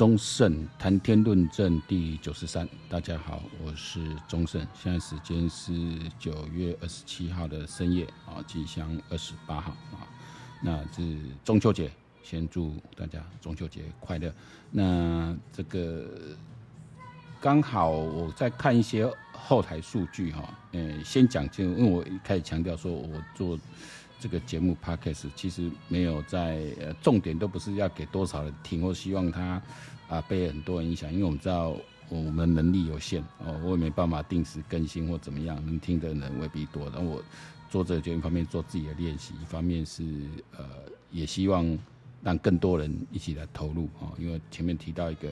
忠勝談天論政第九十三，大家好，我是忠勝，現在時間是九月二十七號的深夜啊，即將二十八號啊，那是中秋節，先祝大家中秋節快樂。那這個剛好我在看一些後台數據哈，先講就，因為我一開始強調說我做。這個節目 Podcast 其實沒有在呃，重點都不是要給多少人聽，我希望它啊、呃、被很多人影響，因為我們知道、哦、我們能力有限哦，我也沒辦法定時更新或怎麼樣，能聽的人未必多。但我做這個就一方面做自己的練習，一方面是呃也希望讓更多人一起來投入、哦、因為前面提到一個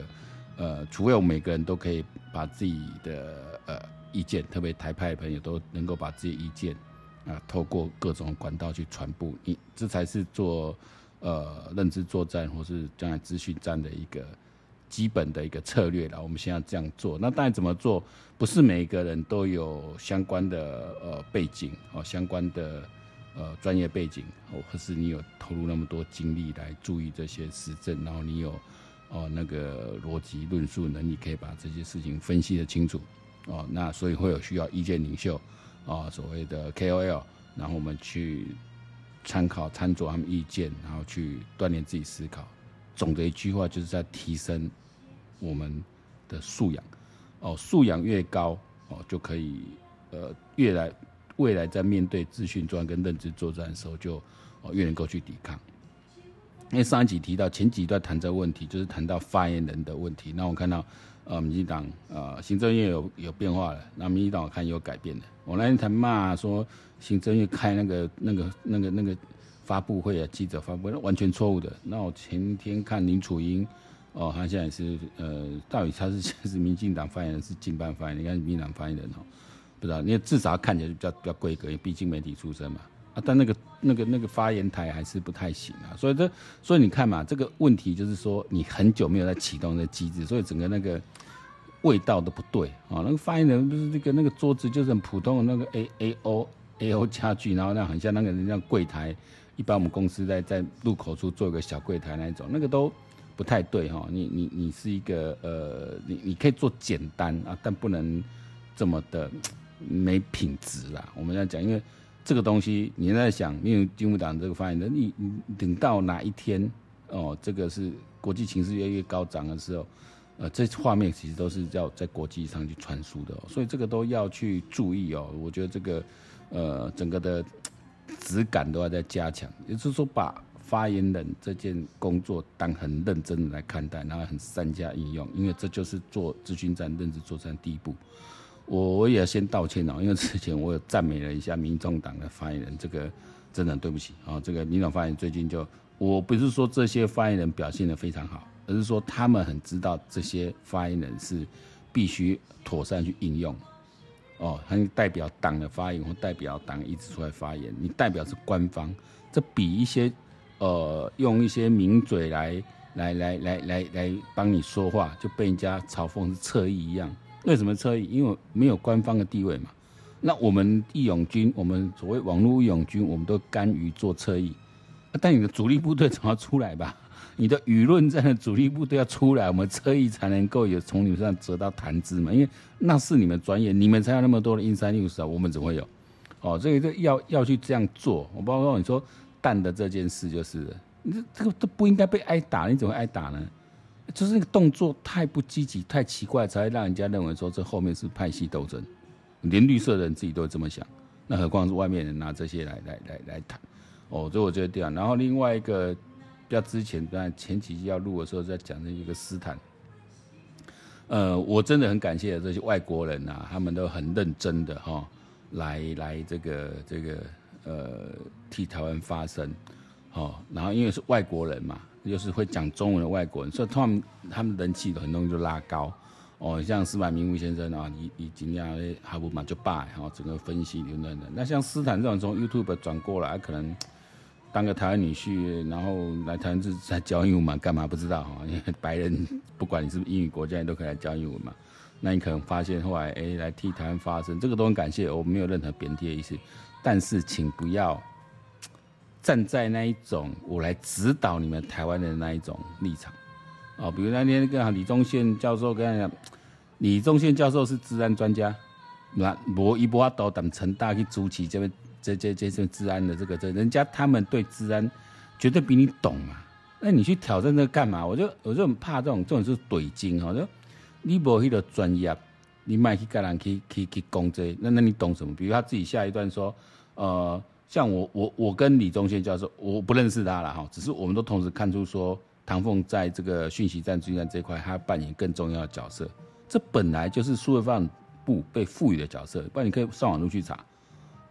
呃，除非我每個人都可以把自己的呃意見，特別台派的朋友都能夠把自己的意見，啊，透過各種管道，去傳播，你這才是做呃認知作戰或是將來資訊戰的一個基本的一個策略啦。我們現在這樣做，那當然怎麼做？不是每個人都有相關的呃背景哦、喔，相關的呃專業背景或是你有投入那麼多精力來注意這些時政，然後你有哦、喔、那個邏輯論述能力，你可以把這些事情分析得清楚哦、喔。那所以會有需要意見領袖。啊，所謂的 KOL，然後我們去參考、參酌他們意見，然後去鍛鍊自己思考。總的一句話就是在提升我們的素養。哦，素養越高，哦，就可以呃，越來未來在面對資訊戰跟認知作戰的時候，就哦越能夠去抵抗。因為上一集提到前幾段談這個問題，就是談到發言人的問題。那我看到。啊、呃，民進黨啊，行政院有有變化了，那民進黨我看有改變了。我那天才罵說，行政院開那個那個那個那個發布會啊，記者發布會完全錯誤的。那我前天看林楚茵，哦，他現在是呃，到底他是是民進黨發言人，是經辦發言人？應該是民進黨發言人哦，不知道，因為至少看起來比較比較規格，畢竟媒體出身嘛。啊，但那個那個那個發言台還是不太行啊。所以這，所以你看嘛，這個問題就是說，你很久沒有在啟動的機制，所以整個那個。味道都不對啊、哦！那個發言人不是那、這個那個桌子，就是很普通的那個 A A O A O 家具，然後那很像那個人家櫃台，一般我們公司在在入口處做一個小櫃台那一種，那個都不太對哈、哦！你你你是一個呃，你你可以做簡單啊，但不能這麼的沒品質啦。我們要講，因為這個東西你在想，因為金木黨這個發言人，你你等到哪一天哦？這個是國際情勢越來越高漲的時候。呃，這畫面其實都是要在國際上去傳輸的哦，所以這個都要去注意哦。我覺得這個，呃，整個的質感都要再加強，也就是說，把發言人這件工作當很認真的來看待，然後很善加應用，因為這就是做資訊戰、認知作戰第一步。我我也要先道歉哦，因為之前我有讚美了一下民眾黨的發言人，這個真的很對不起哦，這個民眾發言最近就我不是說這些發言人表現的非常好。而是說，他們很知道這些發言人是必須妥善去應用，哦，他們代表黨的發言或代表黨一直出來發言，你代表是官方，這比一些呃，用一些名嘴來來來來來來幫你說話，就被人家嘲諷是側翼一樣。為什麼側翼？因為沒有官方的地位嘛。那我們義勇軍，我們所謂網絡義勇軍，我們都甘於做側翼，但你的主力部隊總要出來吧。你的輿論戰的主力部隊都要出來，我們車翼才能夠有從你身上得到談資嘛。因為那是你們專業，你們才有那麼多的陰山六啊，我們怎麼會有？哦，這個這要要去這樣做。我包括你說蛋的這件事，就是你這這個都不應該被挨打，你怎麼挨打呢？就是那個動作太不積極，太奇怪，才會讓人家認為說，這後面是派系鬥爭，連綠色的人自己都會這麼想，那何況是外面人拿這些來來來來談？哦，所以我覺得這樣。然後另外一個。比較之前，那前幾集要錄的時候，在講的一個斯坦，呃，我真的很感謝這些外國人啊，他們都很認真的哈，來來這個這個呃替台灣發聲，好，然後因為是外國人嘛，又、就是會講中文的外國人，所以他們他們人氣都很容易就拉高，哦，像司馬明牧先生啊，已以怎麼樣哈布馬就拜，然後整個分析理論的，那像斯坦這種從 YouTube 轉過來，可能。當個台灣女婿，然後來台灣就來教英文嘛？幹嘛不知道啊？因為白人不管你是不是英語國家，你都可以來教英文嘛？那你可能發現後來哎、欸，來替台灣發聲，這個都很感謝。我沒有任何貶低的意思，但是請不要站在那一種我來指導你們台灣人的那一種立場。哦，比如那天跟李忠憲教授跟他講，李忠憲教授是資安專家，那無一波到多談成大去主持這邊。這這這是資安的這個這，人家他們對資安絕對比你懂嘛？那你去挑戰這個幹嘛？我就我就很怕這種這種就是懟精哈、哦，就你沒那個專業，你賣去跟人去去去攻擊這個，那那你懂什麼？比如他自己下一段說，呃，像我我我跟李忠憲教授，我不認識他了哈，只是我們都同時看出說，唐鳳在這個訊息戰軍戰這一塊，他扮演更重要的角色。這本來就是數位發展部被賦予的角色，不然你可以上網路去查，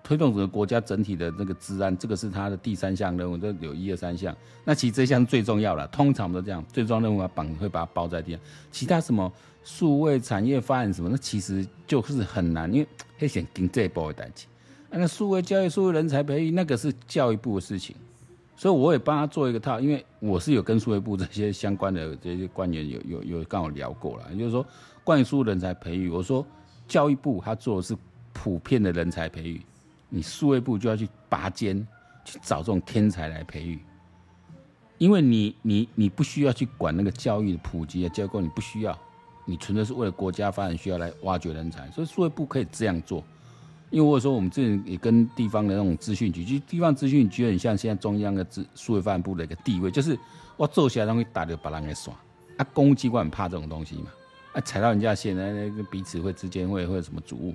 推動整個國家整體的那個資安，這個是他的第三項任務。這有一二三項，那其實這項最重要了。通常都這樣，最重要的任務把綁會把它包在地上。其他什麼數位產業方案什麼，那其實就是很難，因為想先這一波的單子。那數位教育、數位人才培育，那個是教育部的事情，所以我也幫他做一個套，因為我是有跟數位部這些相關的這些官員有有有跟我聊過了，也就是說關於數位人才培育，我說教育部他做的是普遍的人才培育。你數位部就要去拔尖，去找這種天才來培育，因為你你你不需要去管那個教育的普及的教育你不需要，你純粹是為了國家發展需要來挖掘人才，所以數位部可以這樣做。因為我說我們自己也跟地方的那種資訊局，就地方資訊局很像現在中央的資數位發展部的一個地位，就是我坐下來他會打掉把人給耍，啊，公務機關很怕這種東西嘛，啊，踩到人家線，那那彼此會之間會會有什麼阻物。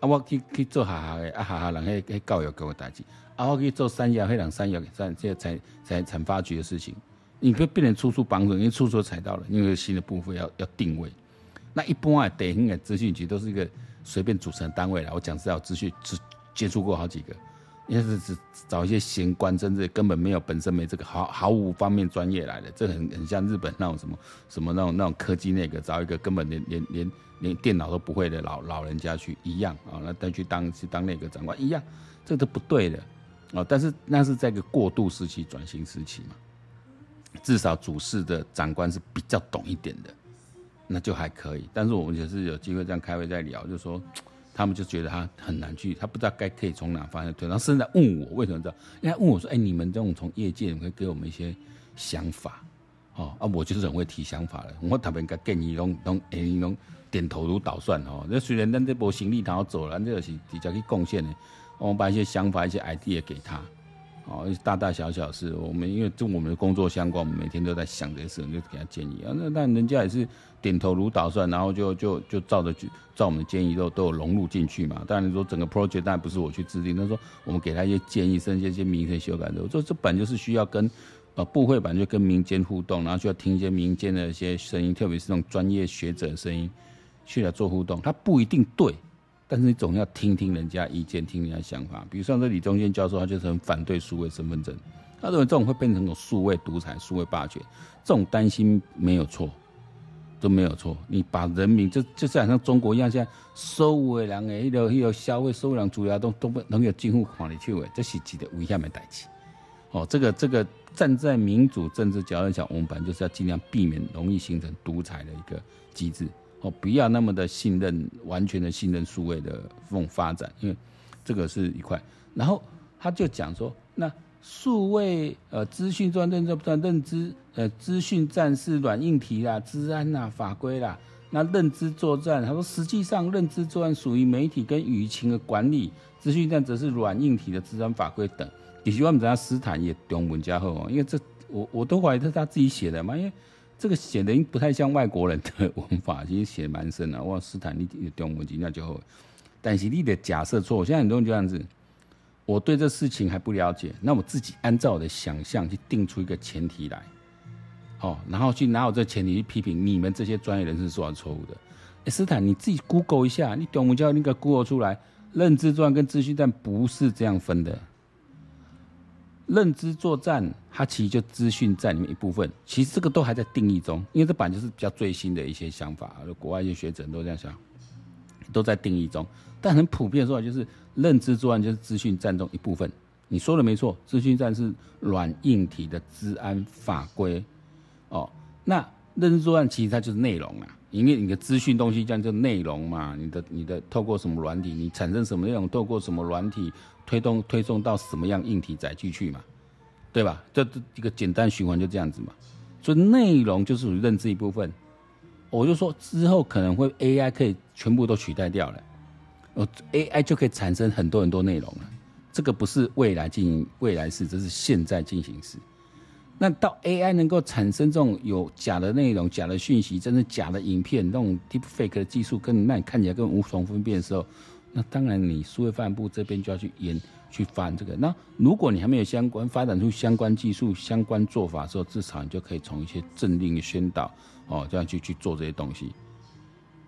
啊，我去去做下下嘅，啊下下人去去、那個、教育給我代志，啊我去做三商三去人商這再再再再發局的事情，你不變成處處幫助，因為處處都踩到了，因為新的部分要要定位，那一般啊，地方嘅資訊局都是一個隨便組成單位啦，我講實在，我資訊只接觸過好幾個。要是找一些閒官，甚至根本，本沒有本身沒這個毫毫無方面專業來的，這很很像日本那種什麼什麼那種那種科技那個，找一個根本連連連連電腦都不會的老老人家去一樣啊，那、哦、再去當去當那個長官一樣，這都不對的哦。但是那是在一個過渡時期，轉型時期嘛，至少主事的長官是比較懂一點的，那就還可以。但是我們也是有機會這樣開會再聊，就說。他們就覺得他很難去，他不知道該可以從哪方向推。然後甚至在問我為什麼這樣，因為他問我說：“哎、欸，你們這種從業界，可會給我們一些想法，哦。”啊，我就是很會提想法的。我特別給建議都，攏攏哎，攏點頭如搗蒜哦。那雖然咱這波行李他要走，咱這是直接去貢獻的。我、哦、們把一些想法、一些 idea 給他。哦，大大小小事，我們因為跟我們的工作相關，我們每天都在想這些事，就給他建議啊。那那人家也是點頭如搗蒜，然後就就就照着照我們的建議都有都有融入進去嘛。當然你說整個 project，當然不是我去制定，他、就是、說我們給他一些建議，甚至一些民間修改的。這這本就是需要跟，呃，部會本就跟民間互動，然後需要聽一些民間的一些聲音，特別是那種專業學者聲音，去來做互動，他不一定對。但是你總要聽聽人家意見，聽人家想法。比如說像這李中堅教授，他就是很反對數位身份證，他認為這種會變成一種數位獨裁、數位霸權，這種擔心沒有錯，都沒有錯。你把人民就就是好像中國一樣，現在收回來，一流一流消費收回來，主要都都不能有進貨狂的去誒，這是幾個危險沒帶起。哦，這個這個站在民主政治角度講，我們本就是要盡量避免容易形成獨裁的一個機制。哦，不要那麼的信任，完全的信任數位的這種發展，因為這個是一塊。然後他就講說，那數位呃資訊作戰、認知，認知呃資訊戰是軟硬體啦、資安啦、啊、法規啦，那認知作戰，他說實際上認知作戰屬於媒體跟輿情的管理，資訊戰則是軟硬體的資安法規等。也許我們這下斯坦也懂文家厚，因為這我我都懷疑這是他自己寫的嘛，因為。這個寫的不太像外國人的文法，其實寫蠻深的。哇，斯坦，你懂邏輯那就，但是你的假設錯。我現在很多人這樣子，我對這事情還不了解，那我自己按照我的想象去定出一個前提來，哦，然後去拿我這前提去批評你們這些專業人士的錯誤的。哎，斯坦，你自己 Google 一下，你懂我叫那個 Google 出來，認知戰跟資訊戰但不是這樣分的。認知作戰，它其實就資訊戰裡面一部分。其實這個都還在定義中，因為這本就是比較最新的一些想法，國外一些學者都這樣想，都在定義中。但很普遍的說法就是，認知作戰就是資訊戰中一部分。你說的沒錯，資訊戰是軟硬體的資安法規哦。那認知作戰其實它就是內容啊，因為你的資訊東西叫做內容嘛，你的你的透過什麼軟體，你產生什麼內容，透過什麼軟體。推動推送到什麼樣硬體載具去嘛，對吧？這一個簡單循環就這樣子嘛。所以內容就是屬於認知一部分。我就說之後可能會 AI 可以全部都取代掉了，哦，AI 就可以產生很多很多內容了。這個不是未來進行未來式，這是現在進行式。那到 AI 能夠產生這種有假的內容、假的訊息、真的假的影片、那種 Deepfake 的技術更爛，跟你看起來根本無從分辨的時候。那當然，你數位發展部這邊就要去研、去翻這個。那如果你還沒有相關發展出相關技術、相關做法的時候，至少你就可以從一些政令的宣導，哦，這樣去去做這些東西。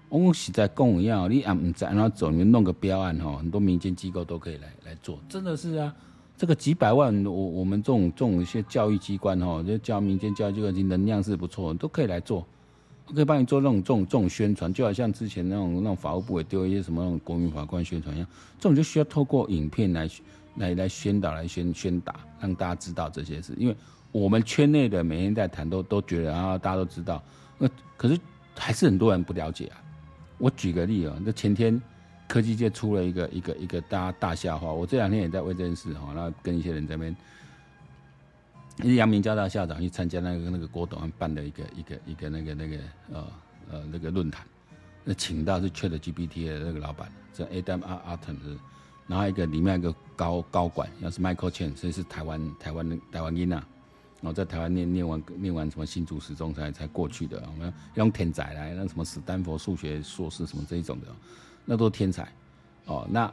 我、嗯、是在講要你啊，你在，然後走，你弄個標案哦，很多民間機構都可以來來做，真的是啊。這個幾百萬，我我們這種這種一些教育機關哦，就教民間教育機關，其能量是不錯，都可以來做。我可以幫你做這種、這種、這種宣傳，就好像之前那種、那種法務部也丟一些什麼那種國民法官宣傳一樣，這種就需要透過影片來、來、來宣導、來宣宣打，讓大家知道這些事。因為我們圈內的每天在談，都都覺得啊，大家都知道，那可是還是很多人不了解啊。我舉個例啊，那前天科技界出了一個、一個、一個大大笑話，我這兩天也在為這件事哈，然後跟一些人在那邊。因為陽明交大校長去參加那個那個郭董辦的一個一個一個那個那個呃呃那個論壇，那請到是 ChatGPT 的那個老闆，叫 Adam R. Atten，然後一個裡面一個高高管，要是 Michael Chen，所以是台灣台灣台灣人，然後在台灣念念完念完什麼新竹實中才才過去的，我們要用天才來，那什麼史丹佛數學碩士什麼這一種的、喔，那都是天才哦、喔。那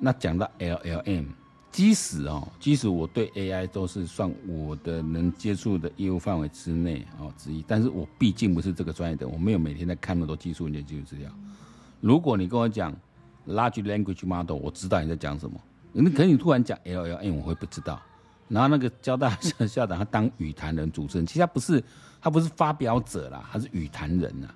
那講到 LLM。L M 即使哦，即使我對 AI 都是算我的能接觸的業務範圍之內哦之一，但是我畢竟不是這個專業的，我沒有每天在看那麼多技術研究資料。如果你跟我講 large language model，我知道你在講什麼。那可能你突然講 L L M，我會不知道。然後那個交大校校長他當與談人主持人，其實他不是他不是發表者啦，他是與談人吶，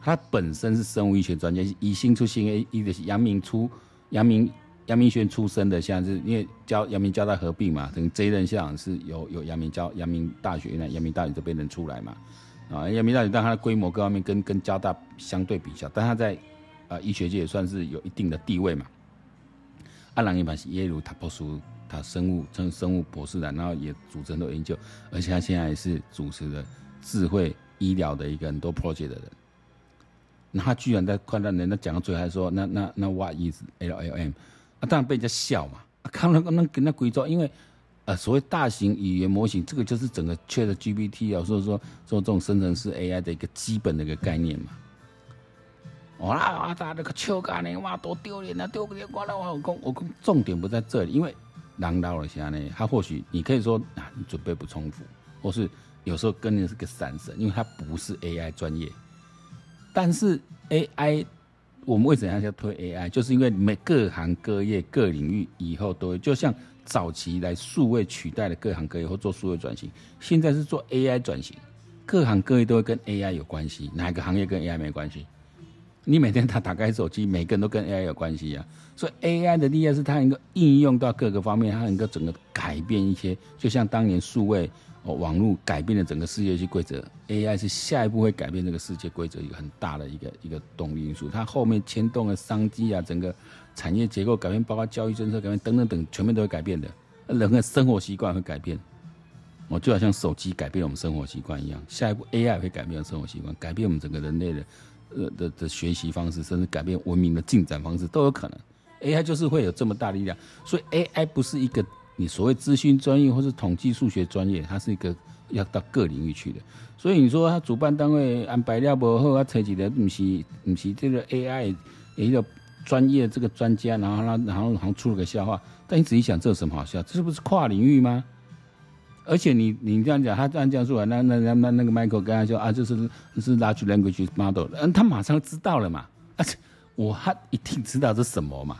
他本身是生物醫學專家，以新出新 A E 的陽明出陽明。陽明軒出生的，現在是因為交陽明交大合併嘛，等於這一任校長是由由陽明交陽明大學，原來陽明大學這邊人出來嘛，啊，陽明大學，但它的規模各方面跟跟交大相對比較，但他在啊醫學界也算是有一定的地位嘛。阿蘭一般是耶魯他博士，他生物成生物博士的，然後也主持都研究，而且他現在是主持的智慧醫療的一個很多 project 的人。那他居然在看到人他講到最後，還說那那那 what is LLM？啊、當然被人家笑嘛，看了可能跟他鬼照，因為呃所謂大型語言模型，這個就是整個 ChatGPT 啊、哦，所以說說這種生成式 AI 的一個基本的一個概念嘛。我、哦、啊，阿、那、達個笑幹你媽，多丟臉啊，丟臉！我講我講，重點不在這裡，因為 Langawa 呢，他或許你可以說啊，你準備不充足，或是有時候跟的是個散神，因為他不是 AI 專業，但是 AI。我們為什麼要推 AI？就是因為每各行各業各領域以後都會就像早期來數位取代的各行各業，或做數位轉型，現在是做 AI 轉型，各行各業都會跟 AI 有關係。哪個行業跟 AI 沒關係？你每天打打開手機，每個人都跟 AI 有關係呀、啊。所以 AI 的力量是它能夠應用到各個方面，它能夠整個改變一些，就像當年數位。哦，網絡改變了整個世界一些規則，AI 是下一步會改變這個世界規則一個很大的一個一個動力因素，它後面牽動了商機啊，整個產業結構改變，包括教育政策改變等等等，全面都會改變的，人的生活習慣會改變。我就好像手機改變我們生活習慣一樣，下一步 AI 會改變我們生活習慣，改變我們整個人類的，呃的的學習方式，甚至改變文明的進展方式都有可能。AI 就是會有這麼大力量，所以 AI 不是一個。你所謂資訊專業或是統計數學專業，它是一個要到各領域去的，所以你說他主辦單位安排得不好，他扯幾的不是，不是這個 AI，一個專業這個專家，然後他然後好像出了個笑話，但你仔細想，這有什麼好笑？這不是跨領域嗎？而且你你這樣講，他按這樣說，那那那那那個 Michael 跟他說啊，這、就是是 Large Language Model，嗯，他馬上知道了嘛，而、啊、且我還一定知道這是什麼嘛。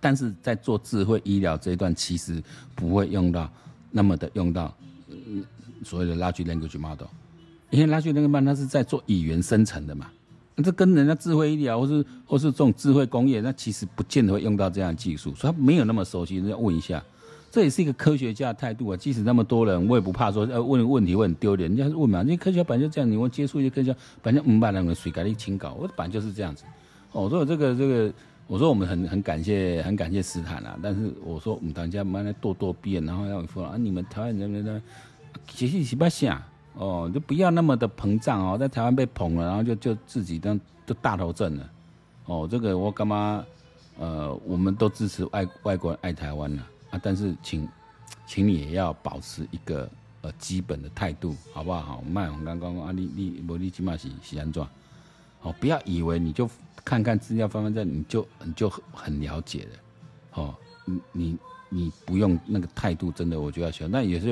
但是在做智慧醫療這一段，其實不會用到那麼的用到所謂的 large language model，因為 large language model 它是在做語言生成的嘛，那這跟人家智慧醫療或是或是這種智慧工業，那其實不見得會用到這樣的技術，所以他沒有那麼熟悉。人家問一下，這也是一個科學家態度啊。即使那麼多人，我也不怕說要問問題問丟臉。人家是問嘛，因為科學家本來就這樣，你我接觸一些科學家，本來人就們把兩個水改的清搞我本來就是這樣子。哦，所以這個這個。這個我說我們很很感謝很感謝斯坦啊，但是我說我們大家慢慢來，咄咄逼人，然後要我說啊，你們台灣人民呢，其實不八下哦，就不要那麼的膨脹哦，在台灣被捧了，然後就就自己當就大頭症了，哦，這個我幹嘛，呃，我們都支持外外國人愛台灣呢、啊。啊，但是請，請你也要保持一個呃基本的態度，好不好？好，好，我們剛剛啊，你你無你起碼是是安怎？哦，不要以為你就看看資料翻翻這，你就你就很了解了，哦，你你你不用那個態度，真的我就要學。那也是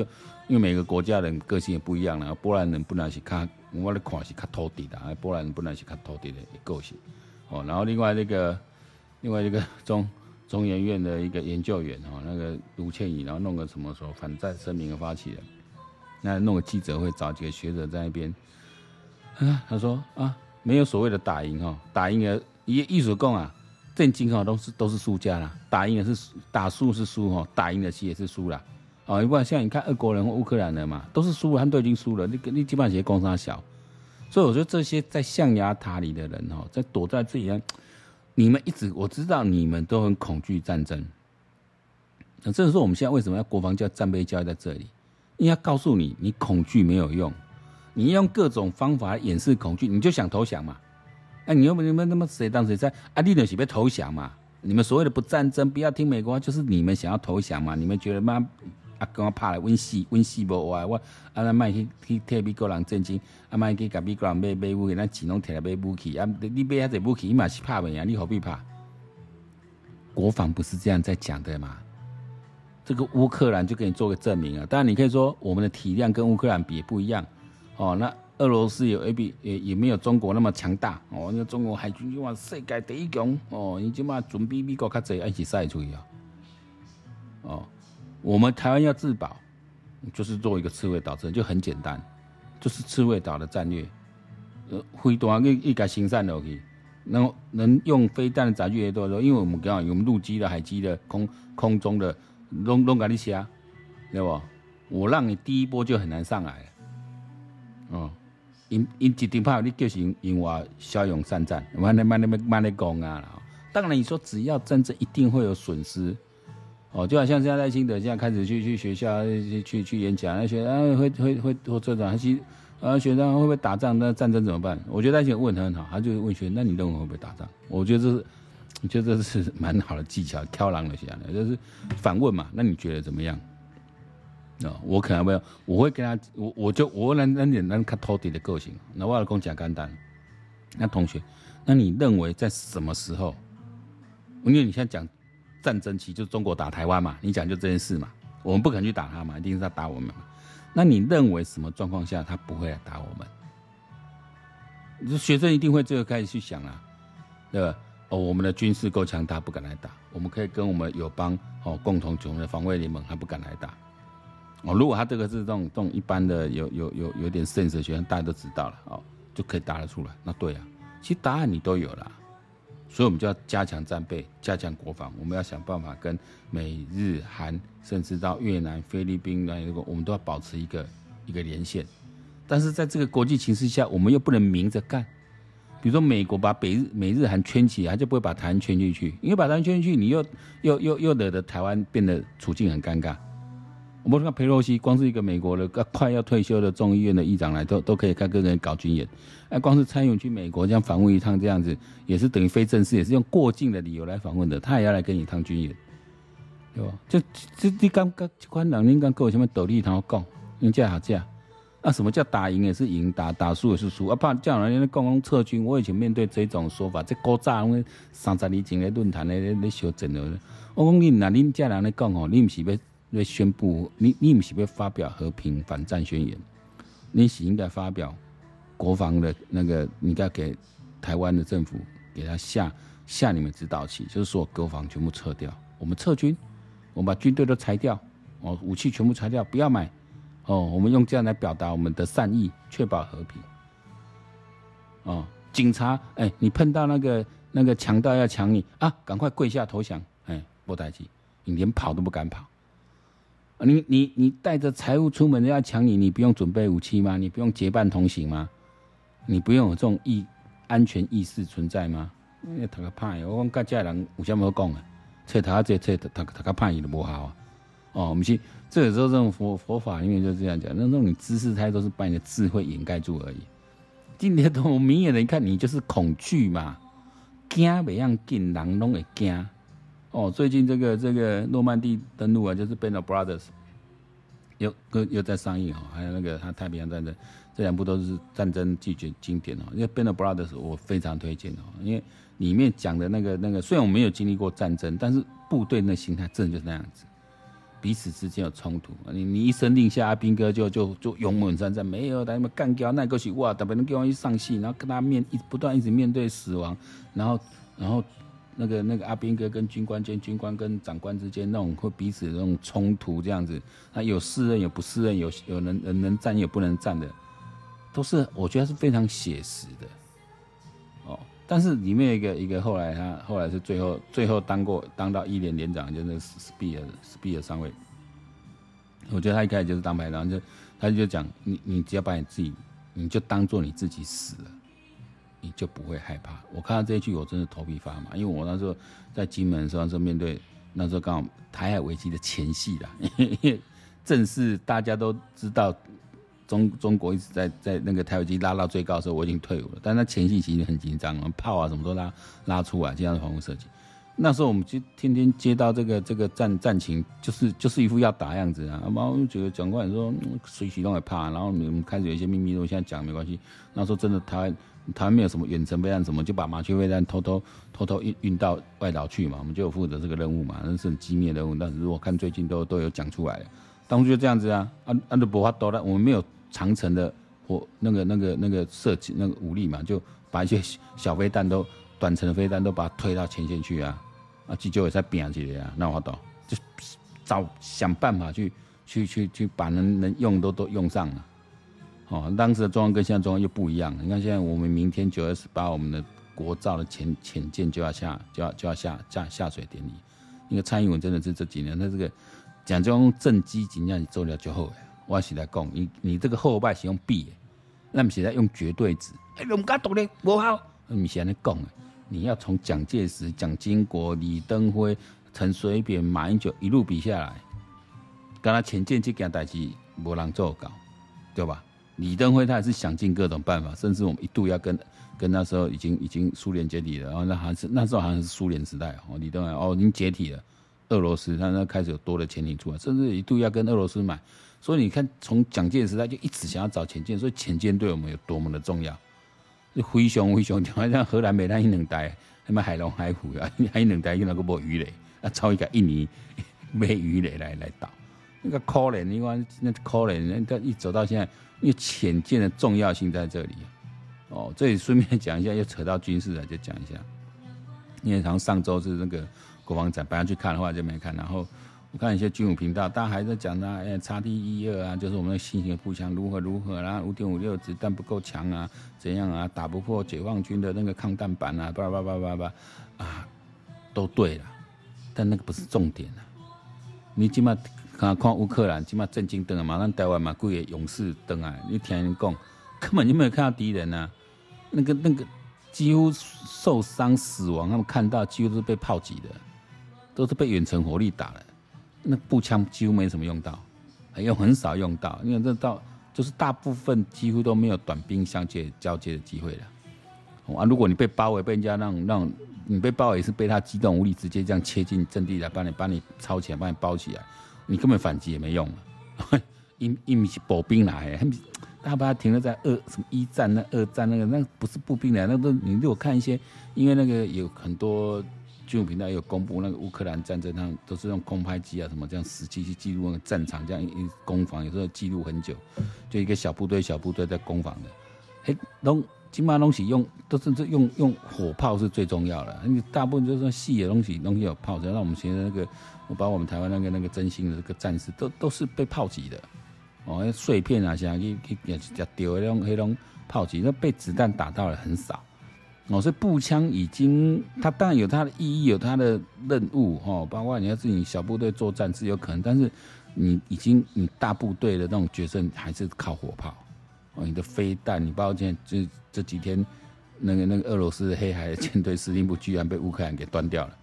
因為每個國家人個性也不一樣了。然後波蘭人本來是看，我的款是卡托底的，波蘭人本來是卡托底的夠性。哦，然後另外那個，另外一個中中研院的一個研究員哦，那個盧倩怡，然後弄個什麼什麼反戰聲明的發起人，那弄個記者會，找幾個學者在那邊，啊，他說啊。沒有所謂的打贏哈，打贏了，一一手攻啊，震驚哈，都是都是輸家啦。打贏的是打輸是輸哈，打贏的棋也是輸了。哦，不管像你看，俄國人或烏克蘭人嘛，都是輸，他們都已經輸了。那個那基本上些攻山小，所以我覺得這些在象牙塔裡的人哈，在躲在這裡，你們一直我知道你們都很恐懼戰爭。那正是說我們現在為什麼要國防教育、戰備教育在這裡？因為要告訴你，你恐懼沒有用。你用各種方法來掩飾恐懼，你就想投降嘛？那、啊、你又不你們他媽誰當誰在？啊，你就是要投降嘛？你們所謂的不戰爭，不要聽美國話，就是你們想要投降嘛？你們覺得媽啊，跟我怕了？瘟細瘟細波啊，我啊那賣去去替美國人震驚，啊賣去甲美國人買買武器，那錢弄貼來買武器。啊！你買他這武器，你媽是怕不贏？你何必怕？國防不是這樣在講的嘛？這個烏克蘭就給你做個證明啊！當然，你可以說我們的體量跟烏克蘭比不一樣。哦，那俄羅斯有 A B 也也，也沒有中國那麼強大。哦，那中國海軍就往世界第一強。哦，你即馬準備美國卡濟一起賽出去。哦。哦，我們台灣要自保，就是做一個刺蝟島，這就很簡單，就是刺蝟島的戰略，哦、飛彈一一改分散落去，能能用飛彈的載具來做，因為我們剛好有陸基的、海基的、空空中的，弄弄個那些，對吧？我讓你第一波就很難上來。哦，因因一定怕你就行用話驍勇善戰，我跟你跟你跟你講啊。當然你說只要戰爭一定會有損失，哦，就好像現在在清德現在開始去去學校去去去演講，那學生、啊、會會會會做這種，他其實呃，學生會不會打仗？那戰爭怎麼辦？我覺得那些問得很好，他就是問學生，那你認為會不會打仗？我覺得這是，我覺得這是蠻好的技巧，挑狼的線了，就是反問嘛。那你覺得怎麼樣？那、哦、我可能沒有，我會跟他，我我就我那那點那看托底的個性。那外公講肝膽。那同學，那你認為在什麼時候？因為你現在講戰爭期，就中國打台灣嘛，你講就這件事嘛，我們不肯去打他嘛，一定是他打我們嘛。那你認為什麼狀況下他不會來打我們？這學生一定會最後開始去想啊，對、這、吧、個？哦，我們的軍事夠強大，不敢來打，我們可以跟我們友邦哦共同組成的防衛聯盟，還不敢來打。哦，如果他這個是這種這種一般的有，有有有有點常識的學生，大家都知道了，哦，就可以答得出來。那對啊，其實答案你都有了，所以我們就要加強戰備，加強國防。我們要想辦法跟美日韓，甚至到越南、菲律賓啊，那個，我們都要保持一個一個連線。但是在這個國際形勢下，我們又不能明着幹。比如說美國把北日美日韓圈起來，他就不會把台灣圈進去，因為把台灣圈進去，你又又又又惹得台灣變得處境很尷尬。我說，看佩洛西，光是一個美國的、快快要退休的眾議院的議長來都，都都可以跟個人搞軍演。哎、啊，光是蔡英文去美國這樣訪問一趟，這樣子也是等於非正式，也是用過境的理由來訪問的。他也要來跟你一趟軍演，對吧？就這剛剛，這國民黨剛有位前道理笠頭講，人家好講，那、啊、什麼叫打贏也是贏，打打輸也是輸。啊，怕叫人講講撤軍。我以前面對這種說法，這古早因為三十年前的論壇的那那小爭論，我講你那恁家人來講哦，你唔是要？那宣布你，你你們是不是要發表和平反戰宣言？你是應該發表國防的那個，你該給台灣的政府給他下下你們指導棋，就是說國防全部撤掉，我們撤軍，我們把軍隊都裁掉，哦，武器全部裁掉，不要買，哦，我們用這樣來表達我們的善意，確保和平。哦，警察，哎、欸，你碰到那個那個強盜要搶你啊，趕快跪下投降，哎、欸，不大吉，你連跑都不敢跑。你你你帶着財物出門，人家搶你，你不用準備武器嗎？你不用結伴同行嗎？你不用有這種意安全意識存在嗎？因為他個怕，我講家家人有啥物好講啊？吹他這吹他他他個怕，伊就無效啊！哦，不是，這個這種佛佛法因為就是這樣講，那這種姿勢態度是把你的智慧掩蓋住而已。今天我明眼的一看，你就是恐懼嘛，驚未要緊人攏會驚。哦，最近這個這個諾曼底登陸啊，就是 Band of Brothers,《Band of Brothers》，又又又在上映哦，還有那個他太平洋戰爭，這兩部都是戰爭劇絕經典哦。因為《Band of Brothers》我非常推薦哦，因為裡面講的那個那個，雖然我沒有經歷過戰爭，但是部隊那心態真的就是那樣子，彼此之間有衝突，你你一聲令下，阿兵哥就就就勇猛作戰，沒有，但你們幹掉那個去哇，特別能叫一上戲，然後跟他面一不斷一直面對死亡，然後然後。那個那個阿兵哥跟軍官間，軍官跟長官之間那種會彼此的那種衝突這樣子，他有適任有不適任，有有人能能戰有不能戰的，都是我覺得是非常寫實的哦。但是裡面一個一個後來他後來是最後最後當過當到一連連長，就是，那個 Speirs Speirs 上尉。我覺得他一開始就是當排長，然後就他就講，你你只要把你自己你就當做你自己死了，就不會害怕？我看到這一句，我真的頭皮發麻。因為我那時候在金門，實際上是面對那時候剛好台海危機的前戲啦，正是大家都知道中中國一直在在那個台海危機拉到最高的時候，我已經退伍了。但那前戲其實很緊張啊，炮啊什麼都拉拉出來，這樣的防空射擊。那時候我們就天天接到這個這個戰戰情，就是就是一副要打樣子啊。然後我覺得長官說隨時都會怕，然後我們開始有一些秘密，我現在講沒關係。那時候真的他。他沒有什麼遠程飛彈，什麼就把麻雀飛彈偷偷偷偷運運到外島去嘛，我們就有負責這個任務嘛，那是很機密的任務。但是我看最近都都有講出來了，當初就這樣子啊，按安德伯發到的，我們沒有長程的火那個那個那個設計那個武力嘛，就把一些小飛彈都短程的飛彈都把它推到前線去啊。啊，急救也在拼起來啊，那我到就找想辦法去去去去把能能用都都用上了，啊。哦，當時的狀況跟現在狀況又不一樣了。你看，現在我們明天九 S 把我們的國造的潛潛艦就要下就要就要下下下水典禮。因為蔡英文真的是這幾年他這個蔣中正機極量你做了就好我現在講你你這個後半是用 b 那我現在用絕對值。兩家獨立無效。你現在講，你要從蔣介石、蔣經國、李登輝、陳水扁、馬英九一路比下來，跟他潛艦這件代志無人做到，對吧？李登輝他也是想盡各種辦法，甚至我們一度要跟跟那時候已經已經蘇聯解體了，然、哦、後那是那時候好像是蘇聯時代哦。李登輝哦，已經解體了，俄羅斯他那開始有多的潛艇出來，甚至一度要跟俄羅斯買。所以你看，從蔣介石他就一直想要找潛艦，所以潛艦對我們有多麼的重要。非常非常，重好像荷蘭、美、南、英能帶，什麼海龍、海虎啊，還有能帶用那個播魚雷，那、啊、造一個印尼沒魚雷來來打。那個 collin，你看那可憐，那個、一走到現在。因為潛艦的重要性在這裡，哦，這裡順便講一下，又扯到軍事了，就講一下。因為好像上周是那個國防展，本來去看的話就沒看，然後我看一些軍武頻道，大家還在講呢、啊欸、，x t 一二啊，就是我們的新型的步槍如何如何啦、啊，五點五六子彈不夠強啊，怎樣啊，打不破解放軍的那個抗彈板啊，叭叭叭叭叭，啊，都對了，但那個不是重點啊，你起碼。看，看烏克蘭，起碼震驚登啊！嘛，上台灣嘛，貴也勇士登啊！你聽人講，根本就沒有看到敵人啊！那個、那個，幾乎受傷、死亡，他們看到幾乎都是被炮擊的，都是被遠程火力打的，那步槍幾乎沒什麼用到，還有很少用到，因為這到就是大部分幾乎都沒有短兵相接交接的機會了、哦。啊，如果你被包圍，被人家讓讓你被包圍，是被他機動武力，直接這樣切進陣地來，把你把你抄起來，把你包起來。你根本反擊也沒用、啊，一一米是步兵來，他大巴停了在二什麼一戰那二戰那個那不是步兵來。那個你如果看一些，因為那個有很多軍武頻道有公布那個烏克蘭戰爭，他們都是用空拍機啊什麼這樣實際去記錄那個戰場這樣一攻防，有時候記錄很久，就一個小部隊小部隊在攻防的，哎、欸，東起碼東西用都是用都是都是用，用火炮是最重要的，你大部分就是說細的東西東西有炮，只要讓我們學那個。我把我們台灣那個那個真心的這個戰士，都都是被炮擊的哦，碎片啊，像一一點丟，那種那種炮擊，那被子彈打到了很少哦。所以步槍已經，它當然有它的意義，有它的任務哦。包括你要是你小部隊作戰是有可能，但是你已經你大部隊的那種決勝還是靠火炮哦，你的飛彈。你包括現在這這幾天，那個那個俄羅斯黑海艦隊司令部居然被烏克蘭給端掉了。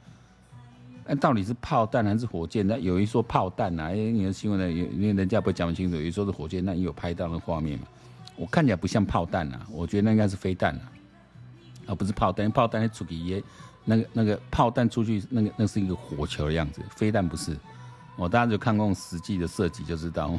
那、啊、到底是炮彈還是火箭？那有一說炮彈啊、欸，因為你的新聞呢，因為人家不講不清楚，有一說是火箭，那你有拍到那畫面嘛？我看起來不像炮彈啊，我覺得那應該是飛彈啊，啊、哦、不是炮彈，炮彈出去也那個那個炮彈出去那個那個那個那個那個那個、是一個火球的樣子，飛彈不是。我、哦、大家就看過實際的射擊就知道，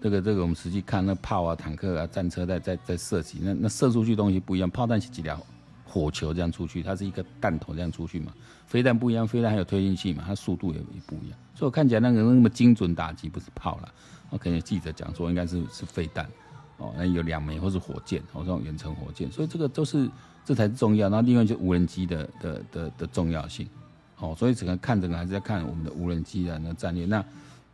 這個這個我們實際看那炮啊、坦克啊、戰車在在在射擊，那那射出去東西不一樣，炮彈是幾條。火球這樣出去，它是一個彈頭這樣出去嘛？飛彈不一樣，飛彈還有推進器嘛，它速度也也不一樣，所以我看起來那個人那麼精準打擊，不是炮啦。我、哦、跟記者講說應，應該是是飛彈，哦，那有兩枚或是火箭，哦，這種遠程火箭，所以這個都是這才是重要。那另外就是無人機的的的的重要性，哦，所以整個看整個還是要看我們的無人機的那個戰略那。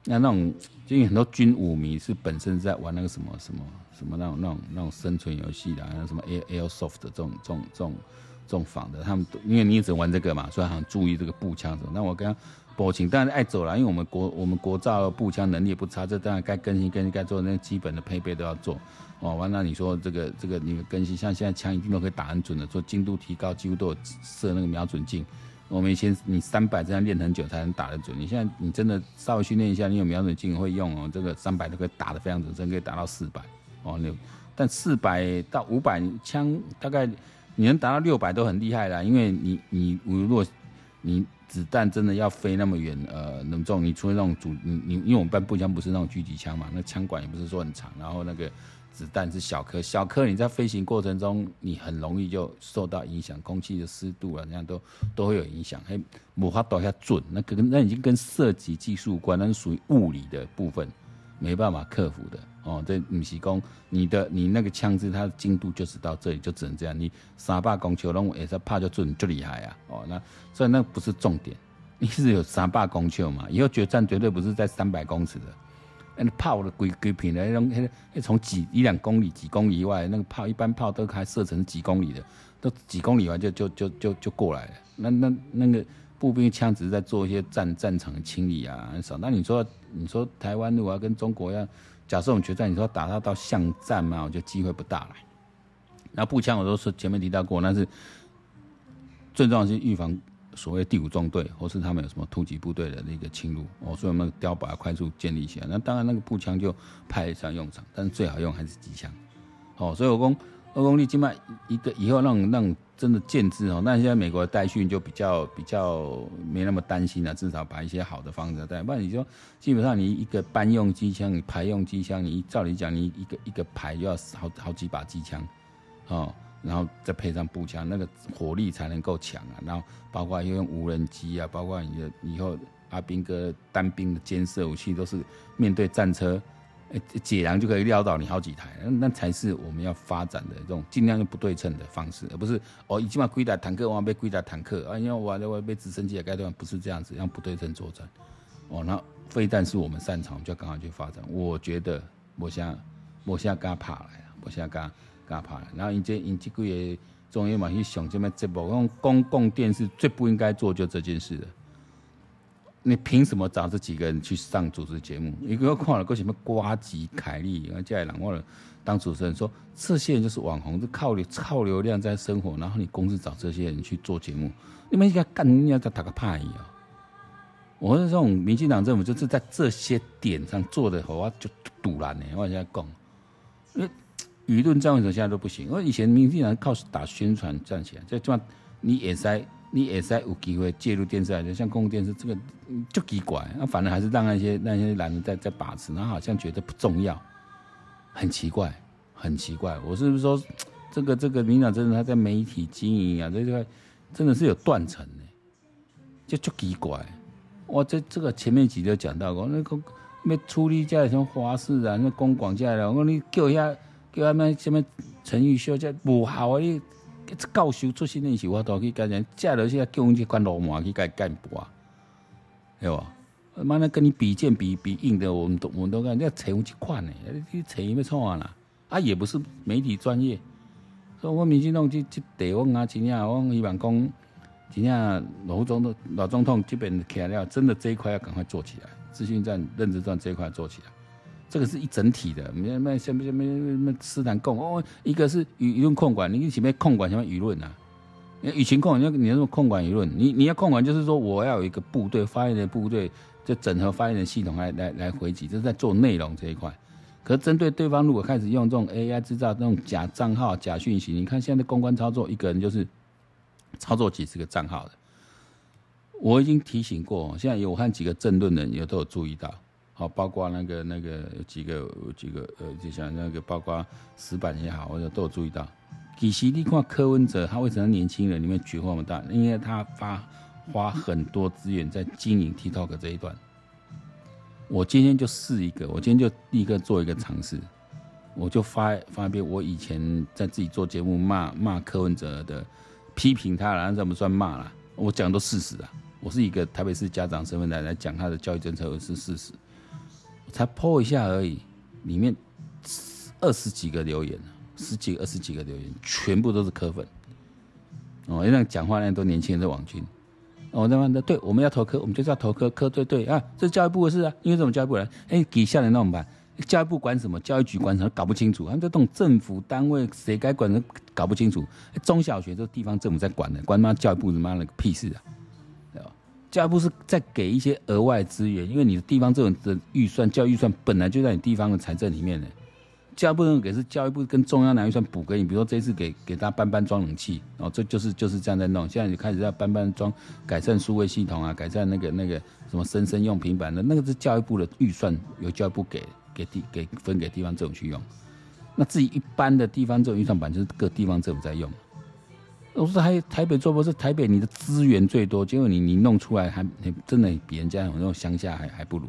那那種，就有很多軍武迷是本身在玩那個什麼什麼什麼那種那種那種生存遊戲的，有、那個、什麼 Airsoft 這種這種這種這種仿的，他們都因為你也只玩這個嘛，所以很注意這個步槍什麼。那我跟他，博清，當然愛走了，因為我們國我們國造的步槍能力也不差，這當然該更新更新，該做的那基本的配備都要做。哦，完了你說這個這個你們更新，像現在槍一定都可以打很準的，說精度提高，幾乎都有設那個瞄準鏡。我們以前你三百這樣練很久才能打得準，你現在你真的稍微訓練一下，你有瞄準鏡會用哦，這個三百都可以打得非常準，真可以打到四百哦。那，但四百到五百槍大概你能達到六百都很厲害了啊，因為你你，你如果你子彈真的要飛那麼遠呃能中，麼，你除了那種主你你因為我們班步槍不是那種狙擊槍嘛，那槍管也不是說很長，然後那個。子彈是小顆，小顆你在飛行過程中，你很容易就受到影響，空氣的濕度啊，那樣都都會有影響。哎，沒法躲下準，那可能那已經跟射擊技術有關，那是屬於物理的部分，沒辦法克服的。哦，這你系工，你的你那個槍支它的精度就是到這裡，就只能這樣。你三百公尺，那我也是怕就準就厲害啊。哦，那所以那不是重點，你是有三百公尺嘛？以後決戰絕對不是在三百公尺的。那炮的規規品的，那種，從幾一兩公里、幾公里以外，那個炮一般炮都開射程幾公里的，都幾公里以外就就就就就過來了。那那那個步兵槍只是在做一些戰戰場的清理啊，很少。那你說你說台灣如果要跟中國要，假設我們決戰，你說打他到巷戰嘛，我覺得機會不大了。那步槍我都是前面提到過，那是最重要的是預防。所謂第五縱隊，或是他們有什麼突擊部隊的那個侵入哦，所以我們要把它快速建立起來。那當然，那個步槍就派上用場，但是最好用還是機槍。哦，所以我說二公里起碼一個以後讓讓真的建制哦。那現在美國的代訓就比較比較沒那麼擔心了、啊，至少把一些好的方式帶。不然你說基本上你一個班用機槍，你排用機槍，你照理講你一個一個排就要好好幾把機槍，哦。然後再配上步槍，那個火力才能夠強啊。然後包括要用無人機啊，包括你的以後阿兵哥單兵的肩射武器都是面對戰車，誒，幾槍就可以撂倒你好幾台。那才是我們要發展的這種，盡量用不對稱的方式，而不是哦，已經把歸打坦克往往被歸打坦克啊，因為往往被直升機也蓋住，不是這樣子，讓不對稱作戰。哦，那飛彈是我們擅長，我們就要趕快去發展。我覺得，我想，我想跟他爬來，我想跟。跟然後因前因前幾個綜藝嘛去上這麼節目，公共電視最不應該做就這件事的。你憑什麼找這幾個人去上主持節目？一個看了個什麼呱吉凱利，這人家也忘了當主持人說，這些人就是網紅，就靠流靠流量在生活。然後你公司找這些人去做節目，你們應該幹應該打個屁啊！我是這種民進黨政府，就是在這些點上做的，好啊，就堵爛的，我現在講，輿論戰為什麼現在都不行？因為以前民進黨靠打宣傳賺錢，在這你也在你也在有機會介入電視，台。就像公共電視這個就、嗯、奇怪，那、啊、反而還是讓那些那些男的在在把持，那好像覺得不重要，很奇怪，很奇怪。我是不是說這個這個民進黨真的他在媒體經營啊？在這個真的是有斷層的，就就奇怪。我這這個前面幾集講到過那個那處理價什麼花式啊，那個、公廣價了，我說你叫一下。叫阿咩什麼陳玉秀這無效啊！你教授出身的時我都去跟人，這都是叫我們這去管流氓去幹幹部啊，對不？媽的，跟你比劍比比硬的，我們都我們都講，你要扯我們一的，呢？你扯伊咩創啊啦？啊，也不是媒體專業，所以我每次弄去去台灣啊，今天我希望講，今天老總統老總統這邊起來了，真的這一塊要趕快做起來，資訊戰、認知戰這一塊要做起來。這個是一整體的，你看，那什麼什麼什麼斯坦共哦，一個是輿輿論控管，你前面控管什麼輿論啊？輿情控，你要你要，說控管，你要控管輿論，你你要控管，就是說我要有一個部隊，發言的部隊，就整合發言的系統來來來回擊，就是在做內容這一塊。可是針對對方，如果開始用這種 AI 製造這種假賬號、假訊息，你看現在的公關操作，一個人就是操作幾十個賬號的。我已經提醒過，現在有我看幾個政論人，也都有注意到。包括那個、那個幾個、幾個呃，就像那個，包括石板也好，我就都有注意到。其實你看柯文哲，他為什麼年輕人裡面覺悟那麼大？因為他發花很多資源在經營 TikTok 這一段。我今天就試一個，我今天就立刻做一個嘗試，我就發發一遍我以前在自己做節目罵罵柯文哲的，批評他，然後怎麼算罵了？我講的都事實啊，我是一個台北市家長身份來來講他的教育政策而是事實。才潑一下而已，裡面十二十幾個留言，十幾個、二十幾個留言，全部都是柯粉。哦，因為講話那個，都年輕人的網軍，哦，的，對，我們要投柯，我們就是要投柯，柯對對啊，這是教育部的事啊，因為什麼教育部來。哎、欸，底下人那怎麼辦？教育部管什麼？教育局管什麼？搞不清楚，他們這種政府單位誰該管的搞不清楚。欸、中小學這地方政府在管的，管他媽教育部他媽那個屁事啊！教育部是在給一些額外資源，因為你的地方政府的預算，教育預算本來就在你地方的財政裡面呢。教育部給是教育部跟中央拿預算補給你，比如說這一次給給大家班班裝冷氣，哦，這就是就是這樣在弄。現在就開始在班班裝，改善數位系統啊，改善那個那個什麼生生用平板的那個是教育部的預算，由教育部給給地給分給地方政府去用。那至於一般的地方這種預算版就是各地方政府在用。我說還台北做不？是台北你的資源最多，結果你你弄出來還真的比人家那種鄉下還還不如。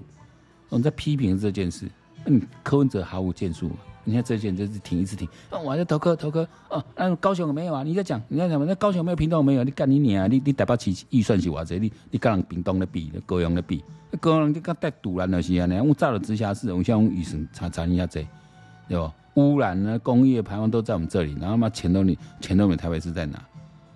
我、哦、們在批評這件事。嗯、啊，柯文哲毫無建樹。你看這件就是停一次停。啊，我還在投科投科。哦、啊，那、啊、高雄有沒有啊？你在講你在講那高雄有沒有屏東？沒有你幹你娘啊！你你台北市預算是我這，你你跟人屏東的比，高雄的比，高雄人家帶堵了呢是安呢？我炸了直轄市，我想用預算查查一家這，有，污染，呢、啊，工業排放都在我們這裡，然後嘛，錢都你錢都沒，都沒台北市在哪？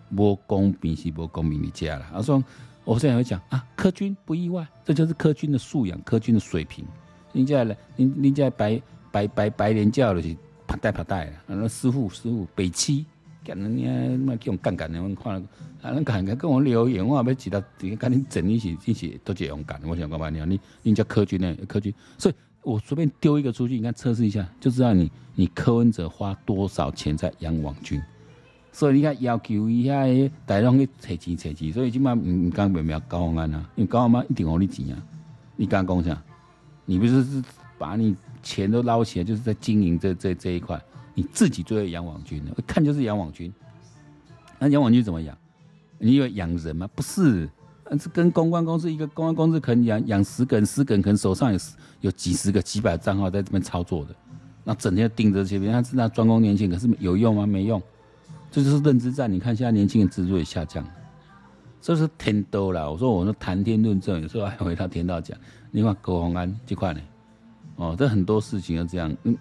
無公平是無公平的價啦！他說，我現在會講啊，柯軍不意外，這就是柯軍的素養，柯軍的水平。人家來，你你家白白白白蓮教就是啪嗒啪嗒啦。啊，那師傅師傅，北七，敢人家買起用槓桿，槓槓的，我看，了。啊，槓桿跟我留言，我也要幾條，你看你整一些，一些多這勇敢，我想講白，你你人家柯軍呢，柯軍，所以我隨便丟一個出去，你看測試一下，就知道你你柯文哲花多少錢在養網軍。所以你看，要求一下，個大家都去摕錢摕錢，所以今麥你你你袂袂交方案啊，因為高安案一定好你錢啊。你敢講你不是是把你錢都撈起來，就是在經營這這這一塊，你自己做養網軍呢，一看就是養網軍。那、啊、養網軍怎麼養？你以為養人嗎？不是、啊，是跟公關公司一個公關公司可能養養十個人，十個人，可能手上有有幾十個幾百個賬號在這邊操作的，那整天盯着這些別是那專攻年輕，可是有用嗎？沒用。這就是認知戰，你看現在年輕人自尊也下降，這是天多了。我說我們談天論政，有時候還回到天道講。你看高虹安這塊呢，哦，這很多事情要這樣。嗯，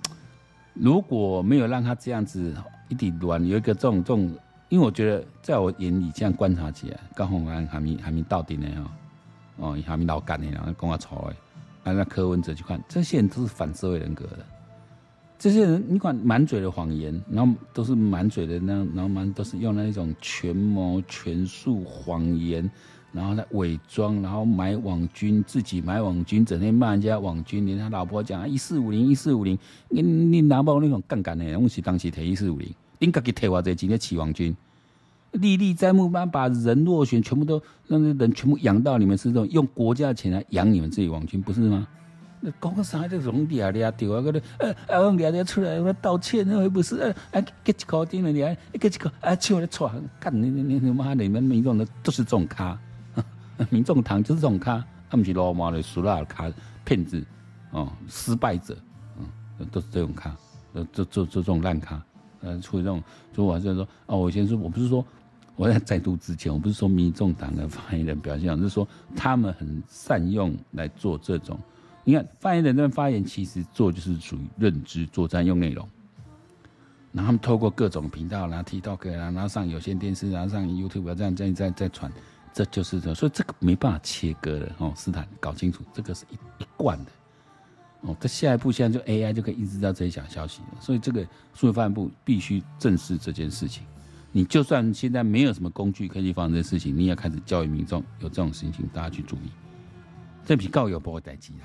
如果沒有讓他這樣子一點卵，有一個這種這種，因為我覺得在我眼裡這樣觀察起來，高虹安還沒還沒到底呢，哦、啊，還沒老幹呢，然後講話粗的，那、啊、柯文哲去看，這些人都是反社會人格的。這些人，你看滿嘴的謊言，然後都是滿嘴的那，然後滿都是用那一種權謀權術謊言，然後來偽裝，然後買網軍，自己買網軍，整天罵人家網軍，連他老婆講一四五零一四五零，你你拿不到那種槓桿的，我們當時提一四五零，你個給提我這今天起網軍，歷歷在目般把人落選，全部都那那人全部養到你們是這種，用國家的錢來養你們自己網軍，不是嗎？剛剛上海在總抓抓啊！個咧，呃，啊，我們抓到出來，我們道歉，那不是呃，啊，給一塊錢的，啊，給一塊，啊，唱咧傳，幹你你你媽！你們民眾的都是這種咖，民眾黨就是這種咖，他、啊、們是老馬的塑料咖，騙子，啊、哦、失敗者，嗯，都是這種咖，呃，做做做這種爛咖，呃，出於這種。就以我現在說,說，哦、啊，我先說，我不是說我在在讀之前，我不是說民眾黨的發言人表現，我是說他們很善用來做這種。你看，發言人的發言其實做就是屬於認知作戰用內容，然後他們透過各種頻道，然後 TikTok，然後然後上有線電視，然後上 YouTube 這樣這樣在在傳，這就是這，所以這個沒辦法切割的哦。斯坦搞清楚，這個是一一貫的哦。這下一步現在就 AI 就可以意識到這些小消息了，所以這個數位發展部必須正視這件事情。你就算現在沒有什麼工具可以防這件事情，你也要開始教育民眾有這種事情，大家去注意，這筆告有不會待機的。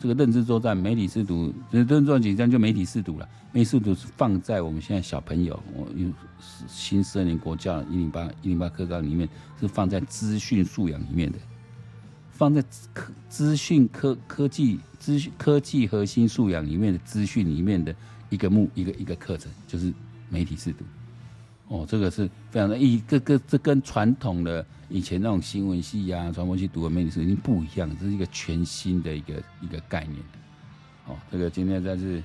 這個認知作戰，媒體識讀，認知作戰緊張就媒體識讀了。媒體識讀是放在我們現在小朋友，我用新十二年國教、一零八一零八課綱裡面，是放在資訊素養裡面的，放在科、資訊科科技、資訊科技核心素養裡面的資訊裡面的一個目一個一個課程，就是媒體識讀。哦，這個是非常的，一、這個，這個這個、跟傳統的以前那種新聞系啊，傳播系讀的媒體是已經不一樣，這是一個全新的一個一個概念。哦，這個今天真是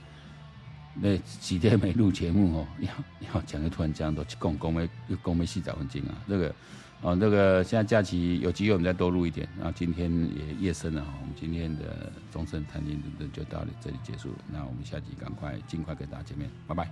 那幾天沒錄節目哦，要要講的突然講到，多，講講沒又講沒戲找黃金啊。這個哦，這個現在假期有機會我們再多錄一點。然後今天也夜深了、哦，我們今天的忠勝談天論政就到這裡結束了。那我們下集趕快儘快跟大家見面，拜拜。